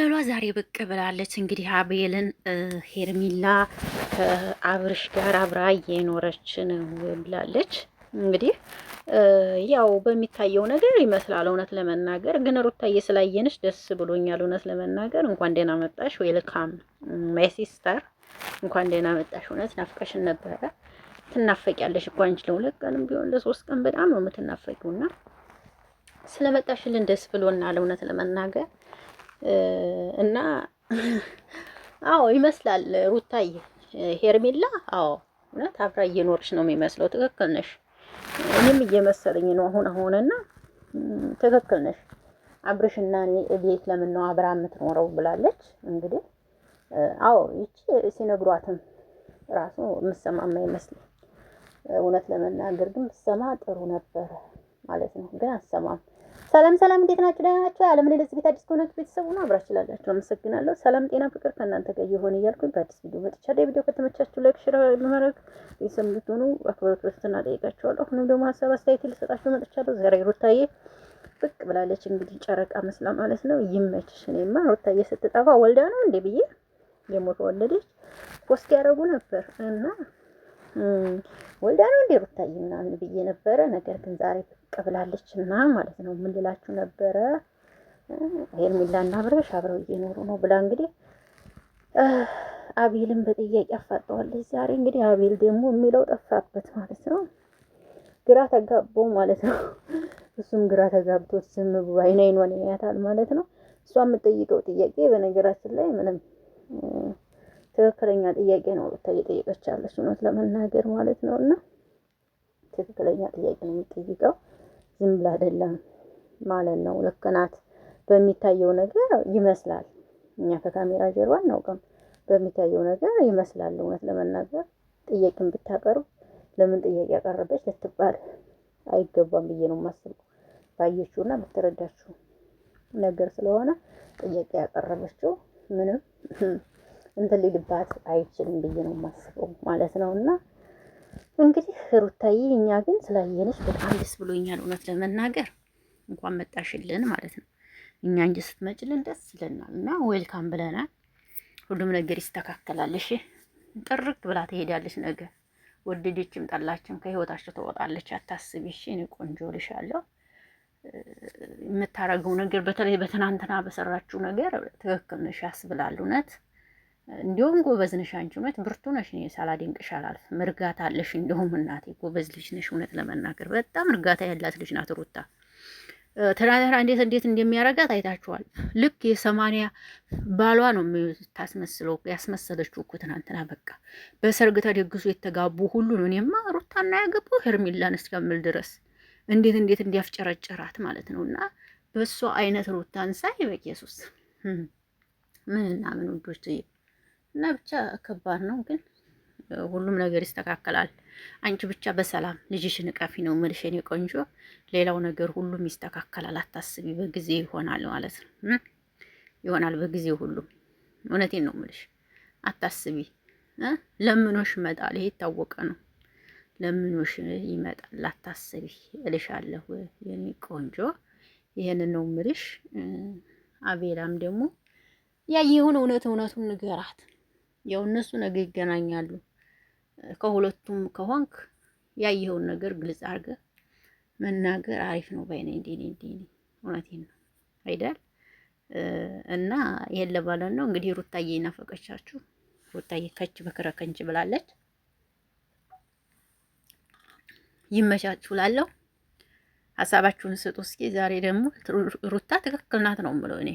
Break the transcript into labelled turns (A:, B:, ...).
A: ደለሏ ዛሬ ብቅ ብላለች። እንግዲህ አቤልን ሄርሚላ ከአብርሽ ጋር አብራ እየኖረች ነው ብላለች። እንግዲህ ያው በሚታየው ነገር ይመስላል። እውነት ለመናገር ግን ሩታዬ ስላየንሽ ደስ ብሎኛል። እውነት ለመናገር እንኳን ደህና መጣሽ። ዌልካም ማይ ሲስተር፣ እንኳን ደህና መጣሽ። እውነት ናፍቀሽን ነበረ። ትናፈቂያለሽ እኮ አንቺ ለሁለት ቀንም ቢሆን ለሶስት ቀን በጣም ነው የምትናፈቂውና ስለመጣሽልን ደስ ብሎናል። እውነት ለመናገር እና አዎ ይመስላል ሩታዬ ሄርሜላ፣ አዎ እና አብራ እየኖረች ነው የሚመስለው። ትክክል ነሽ። እኔም እየመሰለኝ ነው አሁን አሁን እና ትክክል ነሽ። አብርሽና እኔ ቤት ለምን ነው አብራ የምትኖረው ብላለች። እንግዲህ አዎ ይቺ ሲነግሯትም ራሱ የምሰማማ አይመስልም። እውነት ለመናገር ግን ብሰማ ጥሩ ነበረ ማለት ነው፣ ግን አሰማም ሰላም ሰላም፣ እንዴት ናችሁ? ደህና ናችሁ? ላይ ለዚህ ቤት አዲስ ከሆናችሁ ቤተሰቡ ነው አብራችሁ ላላችሁ አመሰግናለሁ። ሰላም ጤና፣ ፍቅር ከእናንተ ጋር ይሁን እያልኩኝ በአዲስ ቪዲዮ መጥቻለሁ። ቪዲዮ ከተመቻችሁ ላይክ፣ ሼር በማድረግ ቤተሰብ እንድትሆኑ አክብሮት በትህትና እጠይቃችኋለሁ። አሁንም ደግሞ ሀሳብ አስተያየት ልሰጣችሁ መጥቻለሁ። ዛሬ ሩታዬ ብቅ ብላለች። እንግዲህ ጨረቃ መስላ ማለት ነው። ይመችሽ። እኔማ ሩታዬ ስትጠፋ ወልዳ ነው እንዴ ብዬ የሞት ወለደች ፖስት ያደረጉ ነበር እና ወልዳ ነው እንዴ ሩታዬ ምናምን ብዬ ነበረ። ነገር ግን ዛሬ ብቅ ብላለች እና ማለት ነው ምን ልላችሁ ነበረ እና አብረሽ አብረው እየኖሩ ነው ብላ እንግዲህ አቤልን በጥያቄ አፋጠዋለች። ዛሬ እንግዲህ አቤል ደግሞ የሚለው ጠፋበት ማለት ነው። ግራ ተጋቦ ማለት ነው። እሱም ግራ ተጋብቶ ዝም ብሎ አይን አይኗን ያያታል ማለት ነው። እሷ የምጠይቀው ጥያቄ በነገራችን ላይ ምንም ትክክለኛ ጥያቄ ነው ሩታ እየጠየቀች ያለች እውነት ለመናገር ማለት ነው። እና ትክክለኛ ጥያቄ ነው የምጠይቀው ዝም ብላ አይደለም ማለት ነው። ልክ ናት በሚታየው ነገር ይመስላል። እኛ ከካሜራ ጀርባ አናውቅም። በሚታየው ነገር ይመስላል። እውነት ለመናገር ጥያቄን ብታቀርብ ለምን ጥያቄ ያቀረበች ልትባል አይገባም ብዬ ነው የማስበው። ና ብትረዳችው ነገር ስለሆነ ጥያቄ ያቀረበችው ምንም እንትን ሊልባት አይችልም ብዬ ነው የማስበው ማለት ነው። እና እንግዲህ ሩታዬ እኛ ግን ስላየንሽ በጣም ደስ ብሎኛል። እውነት ለመናገር እንኳን መጣሽልን ማለት ነው። እኛ እንጂ ስትመጭልን ደስ ይለናል። እና ዌልካም ብለናል። ሁሉም ነገር ይስተካከላልሽ። ጥርቅ ብላ ትሄዳለች ነገ። ወደደችም ጠላችም ከህይወታቸው ትወጣለች። አታስቢ እሺ። እኔ ቆንጆ ልሻለሁ። የምታረገው ነገር በተለይ በትናንትና በሰራችው ነገር ትክክል ነሽ ያስብላል እውነት እንዲሁም ጎበዝ ነሽ አንቺ እውነት ብርቱ ነሽ። እኔ ሳላደንቅሽ አላልፍም። እርጋታ አለሽ። እንዲሁም እናቴ ጎበዝ ልጅ ነሽ። እውነት ለመናገር በጣም እርጋታ ያላት ልጅ ናት ሩታ። ትናንትና እንዴት እንዴት እንደሚያረጋት አይታችኋል። ልክ የሰማንያ ባሏ ነው የምታስመስለው ያስመሰለችው እኮ ትናንትና። በቃ በሰርግ ተደግሶ የተጋቡ ሁሉ ነው። እኔማ ሩታና ያገባው ሄርሚላን እስከምል ድረስ እንዴት እንዴት እንዲያፍጨረጨራት ማለት ነው። እና በእሷ አይነት ሩታን ሳይ በኢየሱስ ምንና ምን ውዶች እና ብቻ ከባድ ነው፣ ግን ሁሉም ነገር ይስተካከላል። አንቺ ብቻ በሰላም ልጅሽን እቀፊ ነው የምልሽ የኔ ቆንጆ። ሌላው ነገር ሁሉም ይስተካከላል፣ አታስቢ። በጊዜ ይሆናል ማለት ነው ይሆናል በጊዜ ሁሉም። እውነቴን ነው የምልሽ፣ አታስቢ። ለምኖሽ ይመጣል፣ ይሄ የታወቀ ነው። ለምኖሽ ይመጣል፣ አታስቢ እልሻለሁ የኔ ቆንጆ። ይሄንን ነው የምልሽ። አቤላም ደግሞ ያየሁን እውነት እውነቱን ንገራት። ያው እነሱ ነገ ይገናኛሉ። ከሁለቱም ከሆንክ ያየኸውን ነገር ግልጽ አድርገህ መናገር አሪፍ ነው ባይነ እንዴ እንዴ እውነቴን ነው አይደል? እና ይሄን ነው እንግዲህ። ሩታዬ ናፈቀቻችሁ። ሩታዬ ከች በከረከንች ብላለች። ይመቻችሁ እላለሁ። ሀሳባችሁን ስጡ እስኪ። ዛሬ ደግሞ ሩታ ትክክል ናት ነው የምለው እኔ